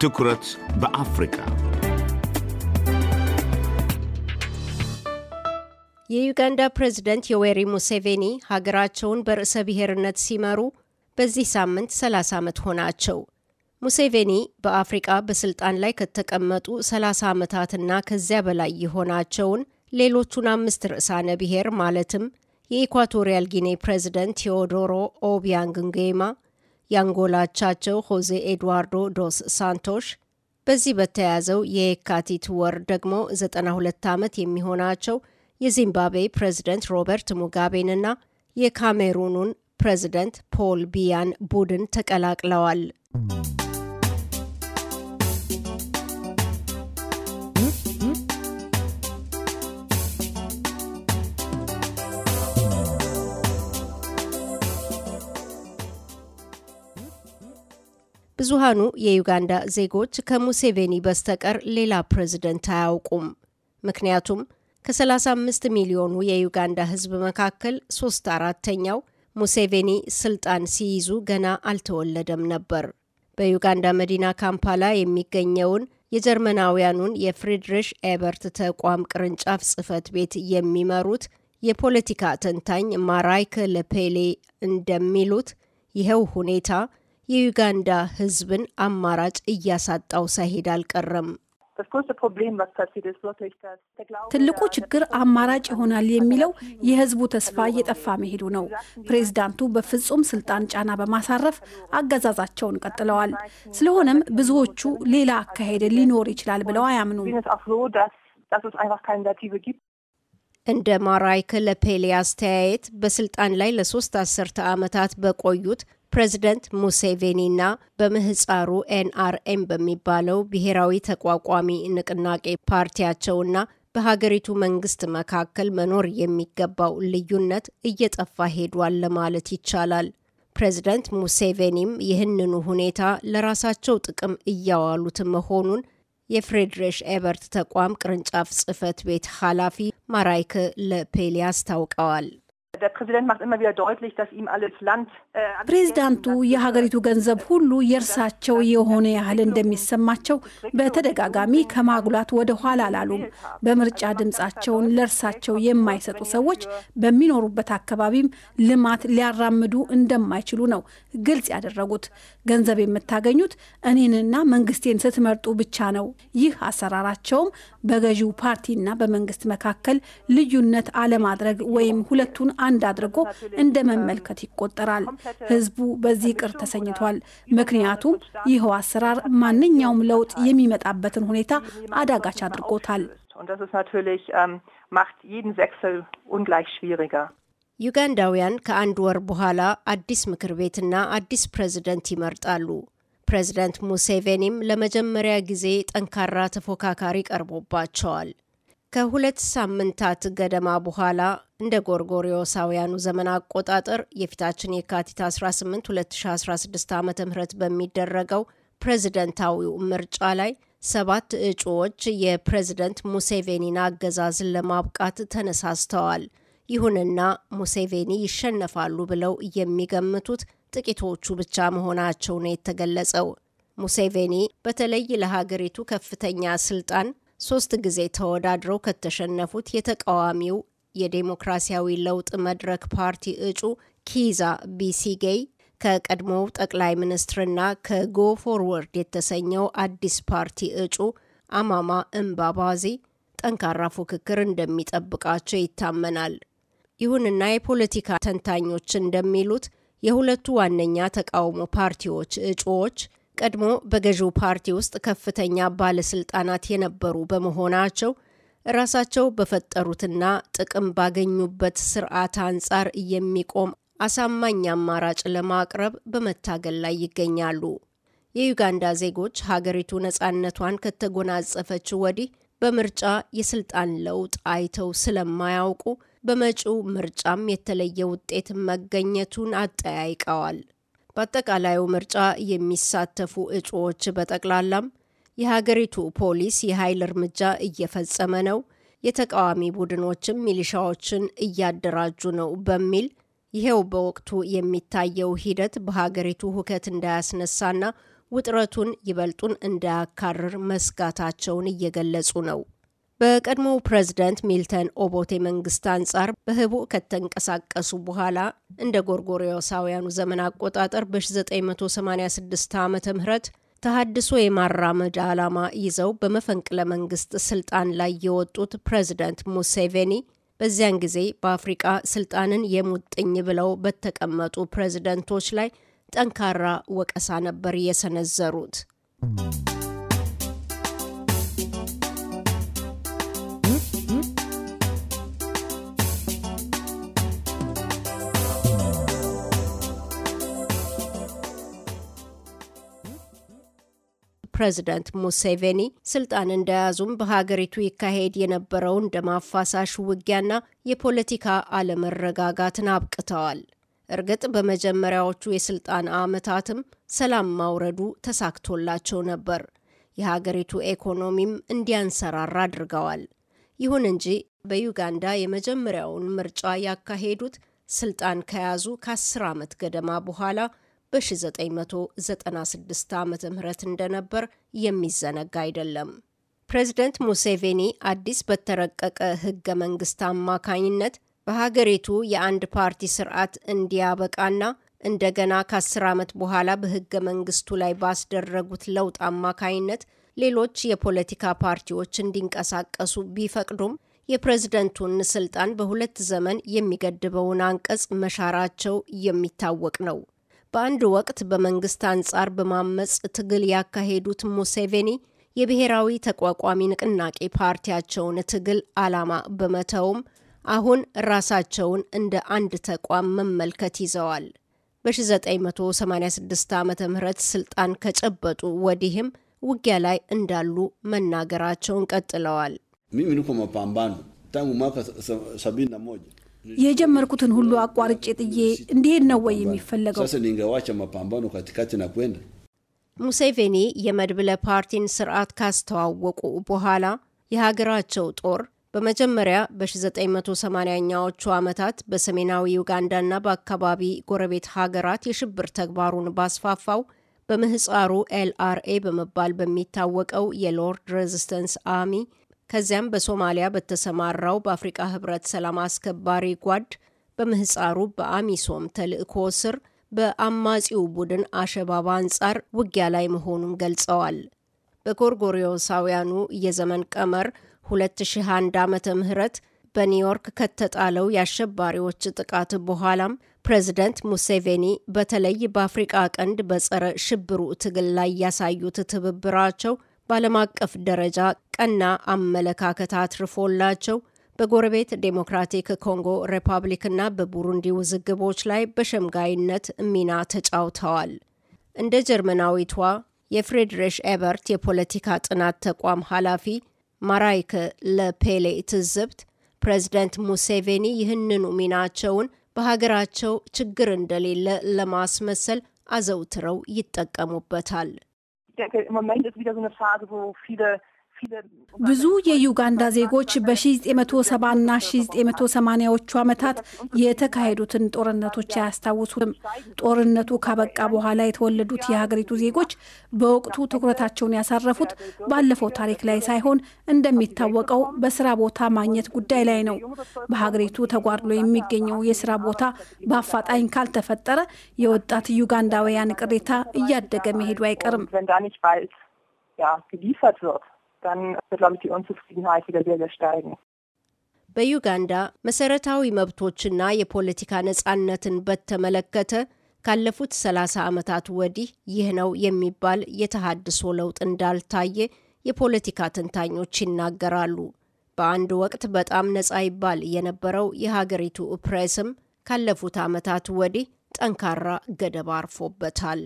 ትኩረት በአፍሪካ የዩጋንዳ ፕሬዝደንት ዮዌሪ ሙሴቬኒ ሀገራቸውን በርዕሰ ብሔርነት ሲመሩ በዚህ ሳምንት 30 ዓመት ሆናቸው። ሙሴቬኒ በአፍሪቃ በስልጣን ላይ ከተቀመጡ 30 ዓመታትና ከዚያ በላይ የሆናቸውን ሌሎቹን አምስት ርዕሳነ ብሔር ማለትም የኢኳቶሪያል ጊኔ ፕሬዝደንት ቴዎዶሮ ኦቢያንግ ንጌማ የአንጎላቻቸው ሆዜ ኤድዋርዶ ዶስ ሳንቶሽ በዚህ በተያያዘው የየካቲት ወር ደግሞ 92 ዓመት የሚሆናቸው የዚምባብዌ ፕሬዝደንት ሮበርት ሙጋቤንና የካሜሩኑን ፕሬዝደንት ፖል ቢያን ቡድን ተቀላቅለዋል። ብዙሃኑ የዩጋንዳ ዜጎች ከሙሴቬኒ በስተቀር ሌላ ፕሬዝደንት አያውቁም። ምክንያቱም ከ35 ሚሊዮኑ የዩጋንዳ ሕዝብ መካከል ሶስት አራተኛው ሙሴቬኒ ስልጣን ሲይዙ ገና አልተወለደም ነበር። በዩጋንዳ መዲና ካምፓላ የሚገኘውን የጀርመናውያኑን የፍሪድሪሽ ኤበርት ተቋም ቅርንጫፍ ጽህፈት ቤት የሚመሩት የፖለቲካ ተንታኝ ማራይክ ለፔሌ እንደሚሉት ይኸው ሁኔታ የዩጋንዳ ህዝብን አማራጭ እያሳጣው ሳይሄድ አልቀረም። ትልቁ ችግር አማራጭ ይሆናል የሚለው የህዝቡ ተስፋ እየጠፋ መሄዱ ነው። ፕሬዝዳንቱ በፍጹም ስልጣን ጫና በማሳረፍ አገዛዛቸውን ቀጥለዋል። ስለሆነም ብዙዎቹ ሌላ አካሄድ ሊኖር ይችላል ብለው አያምኑም። እንደ ማራይክል ፔሌ አስተያየት በስልጣን ላይ ለሶስት አስርተ ዓመታት በቆዩት ፕሬዚደንት ሙሴቬኒና በምህፃሩ ኤንአርኤም በሚባለው ብሔራዊ ተቋቋሚ ንቅናቄ ፓርቲያቸውና በሀገሪቱ መንግስት መካከል መኖር የሚገባው ልዩነት እየጠፋ ሄዷል ለማለት ይቻላል። ፕሬዚደንት ሙሴቬኒም ይህንኑ ሁኔታ ለራሳቸው ጥቅም እያዋሉት መሆኑን የፍሬድሪሽ ኤበርት ተቋም ቅርንጫፍ ጽህፈት ቤት ኃላፊ ማራይክ ለፔሌ አስታውቀዋል። Der Präsident macht immer wieder deutlich, dass ihm alles Land ፕሬዚዳንቱ የሀገሪቱ ገንዘብ ሁሉ የእርሳቸው የሆነ ያህል እንደሚሰማቸው በተደጋጋሚ ከማጉላት ወደ ኋላ አላሉም። በምርጫ ድምፃቸውን ለእርሳቸው የማይሰጡ ሰዎች በሚኖሩበት አካባቢም ልማት ሊያራምዱ እንደማይችሉ ነው ግልጽ ያደረጉት። ገንዘብ የምታገኙት እኔንና መንግስቴን ስትመርጡ ብቻ ነው። ይህ አሰራራቸውም በገዢው ፓርቲና በመንግስት መካከል ልዩነት አለማድረግ ወይም ሁለቱን አንድ አድርጎ እንደ መመልከት ይቆጠራል። ህዝቡ በዚህ ቅር ተሰኝቷል። ምክንያቱም ይኸው አሰራር ማንኛውም ለውጥ የሚመጣበትን ሁኔታ አዳጋች አድርጎታል። ዩጋንዳውያን ከአንድ ወር በኋላ አዲስ ምክር ቤትና አዲስ ፕሬዝደንት ይመርጣሉ። ፕሬዝደንት ሙሴቬኒም ለመጀመሪያ ጊዜ ጠንካራ ተፎካካሪ ቀርቦባቸዋል። ከሁለት ሳምንታት ገደማ በኋላ እንደ ጎርጎሪዮሳውያኑ ዘመን አቆጣጠር የፊታችን የካቲት 18 2016 ዓ ም በሚደረገው ፕሬዝደንታዊው ምርጫ ላይ ሰባት እጩዎች የፕሬዝደንት ሙሴቬኒን አገዛዝን ለማብቃት ተነሳስተዋል። ይሁንና ሙሴቬኒ ይሸነፋሉ ብለው የሚገምቱት ጥቂቶቹ ብቻ መሆናቸው ነው የተገለጸው። ሙሴቬኒ በተለይ ለሀገሪቱ ከፍተኛ ስልጣን ሶስት ጊዜ ተወዳድረው ከተሸነፉት የተቃዋሚው የዴሞክራሲያዊ ለውጥ መድረክ ፓርቲ እጩ ኪዛ ቢሲጌይ ከቀድሞው ጠቅላይ ሚኒስትርና ከጎ ፎርወርድ የተሰኘው አዲስ ፓርቲ እጩ አማማ እምባባዚ ጠንካራ ፉክክር እንደሚጠብቃቸው ይታመናል። ይሁንና የፖለቲካ ተንታኞች እንደሚሉት የሁለቱ ዋነኛ ተቃውሞ ፓርቲዎች እጩዎች ቀድሞ በገዢው ፓርቲ ውስጥ ከፍተኛ ባለስልጣናት የነበሩ በመሆናቸው ራሳቸው በፈጠሩትና ጥቅም ባገኙበት ስርዓት አንጻር የሚቆም አሳማኝ አማራጭ ለማቅረብ በመታገል ላይ ይገኛሉ። የዩጋንዳ ዜጎች ሀገሪቱ ነፃነቷን ከተጎናጸፈች ወዲህ በምርጫ የስልጣን ለውጥ አይተው ስለማያውቁ በመጪው ምርጫም የተለየ ውጤት መገኘቱን አጠያይቀዋል። በአጠቃላዩ ምርጫ የሚሳተፉ እጩዎች በጠቅላላም የሀገሪቱ ፖሊስ የኃይል እርምጃ እየፈጸመ ነው፣ የተቃዋሚ ቡድኖችም ሚሊሻዎችን እያደራጁ ነው በሚል ይሄው በወቅቱ የሚታየው ሂደት በሀገሪቱ ሁከት እንዳያስነሳና ውጥረቱን ይበልጡን እንዳያካርር መስጋታቸውን እየገለጹ ነው። በቀድሞው ፕሬዝደንት ሚልተን ኦቦቴ መንግስት አንጻር በህቡዕ ከተንቀሳቀሱ በኋላ እንደ ጎርጎሪዮሳውያኑ ዘመን አቆጣጠር በ1986 ዓ ም ተሀድሶ የማራመድ ዓላማ ይዘው በመፈንቅለ መንግስት ስልጣን ላይ የወጡት ፕሬዚደንት ሙሴቬኒ በዚያን ጊዜ በአፍሪቃ ስልጣንን የሙጥኝ ብለው በተቀመጡ ፕሬዚደንቶች ላይ ጠንካራ ወቀሳ ነበር የሰነዘሩት። ፕሬዚዳንት ሙሴቬኒ ስልጣን እንደያዙም በሀገሪቱ ይካሄድ የነበረውን ደም አፋሳሽ ውጊያና የፖለቲካ አለመረጋጋትን አብቅተዋል። እርግጥ በመጀመሪያዎቹ የስልጣን ዓመታትም ሰላም ማውረዱ ተሳክቶላቸው ነበር። የሀገሪቱ ኢኮኖሚም እንዲያንሰራራ አድርገዋል። ይሁን እንጂ በዩጋንዳ የመጀመሪያውን ምርጫ ያካሄዱት ስልጣን ከያዙ ከአስር ዓመት ገደማ በኋላ በ1996 ዓ ም እንደነበር የሚዘነጋ አይደለም። ፕሬዝደንት ሙሴቬኒ አዲስ በተረቀቀ ህገ መንግስት አማካኝነት በሀገሪቱ የአንድ ፓርቲ ስርዓት እንዲያበቃና እንደገና ከአስር ዓመት በኋላ በህገ መንግስቱ ላይ ባስደረጉት ለውጥ አማካኝነት ሌሎች የፖለቲካ ፓርቲዎች እንዲንቀሳቀሱ ቢፈቅዱም የፕሬዝደንቱን ስልጣን በሁለት ዘመን የሚገድበውን አንቀጽ መሻራቸው የሚታወቅ ነው። በአንድ ወቅት በመንግስት አንጻር በማመፅ ትግል ያካሄዱት ሙሴቬኒ የብሔራዊ ተቋቋሚ ንቅናቄ ፓርቲያቸውን ትግል ዓላማ በመተውም አሁን ራሳቸውን እንደ አንድ ተቋም መመልከት ይዘዋል። በ1986 ዓ ም ስልጣን ከጨበጡ ወዲህም ውጊያ ላይ እንዳሉ መናገራቸውን ቀጥለዋል። የጀመርኩትን ሁሉ አቋርጬ ጥዬ እንዲሄድ ነው ወይ የሚፈለገው? ሙሴቬኒ የመድብለ ፓርቲን ስርዓት ካስተዋወቁ በኋላ የሀገራቸው ጦር በመጀመሪያ በ1980ኛዎቹ ዓመታት በሰሜናዊ ዩጋንዳና በአካባቢ ጎረቤት ሀገራት የሽብር ተግባሩን ባስፋፋው በምህፃሩ ኤልአርኤ በመባል በሚታወቀው የሎርድ ሬዚስተንስ አሚ ከዚያም በሶማሊያ በተሰማራው በአፍሪቃ ህብረት ሰላም አስከባሪ ጓድ በምህፃሩ በአሚሶም ተልእኮ ስር በአማጺው ቡድን አሸባባ አንጻር ውጊያ ላይ መሆኑን ገልጸዋል። በጎርጎሪዮሳውያኑ የዘመን ቀመር 2001 ዓ ም በኒውዮርክ ከተጣለው የአሸባሪዎች ጥቃት በኋላም ፕሬዚደንት ሙሴቬኒ በተለይ በአፍሪቃ ቀንድ በጸረ ሽብሩ ትግል ላይ ያሳዩት ትብብራቸው በዓለም አቀፍ ደረጃ ቀና አመለካከት አትርፎላቸው በጎረቤት ዴሞክራቲክ ኮንጎ ሪፐብሊክና በቡሩንዲ ውዝግቦች ላይ በሸምጋይነት ሚና ተጫውተዋል። እንደ ጀርመናዊቷ የፍሬድሪሽ ኤበርት የፖለቲካ ጥናት ተቋም ኃላፊ ማራይክ ለፔሌ ትዝብት ፕሬዚደንት ሙሴቬኒ ይህንኑ ሚናቸውን በሀገራቸው ችግር እንደሌለ ለማስመሰል አዘውትረው ይጠቀሙበታል። ich denke, im Moment ist wieder so eine Phase, wo viele ብዙ የዩጋንዳ ዜጎች በ1970ና 1980ዎቹ ዓመታት የተካሄዱትን ጦርነቶች አያስታውሱም። ጦርነቱ ካበቃ በኋላ የተወለዱት የሀገሪቱ ዜጎች በወቅቱ ትኩረታቸውን ያሳረፉት ባለፈው ታሪክ ላይ ሳይሆን እንደሚታወቀው በስራ ቦታ ማግኘት ጉዳይ ላይ ነው። በሀገሪቱ ተጓድሎ የሚገኘው የስራ ቦታ በአፋጣኝ ካልተፈጠረ የወጣት ዩጋንዳውያን ቅሬታ እያደገ መሄዱ አይቀርም። dann wird, glaube ich, die Unzufriedenheit wieder sehr, sehr steigen. በዩጋንዳ መሰረታዊ መብቶችና የፖለቲካ ነጻነትን በተመለከተ ካለፉት 30 ዓመታት ወዲህ ይህ ነው የሚባል የተሃድሶ ለውጥ እንዳልታየ የፖለቲካ ትንታኞች ይናገራሉ። በአንድ ወቅት በጣም ነጻ ይባል የነበረው የሀገሪቱ ፕሬስም ካለፉት ዓመታት ወዲህ ጠንካራ ገደብ አርፎበታል።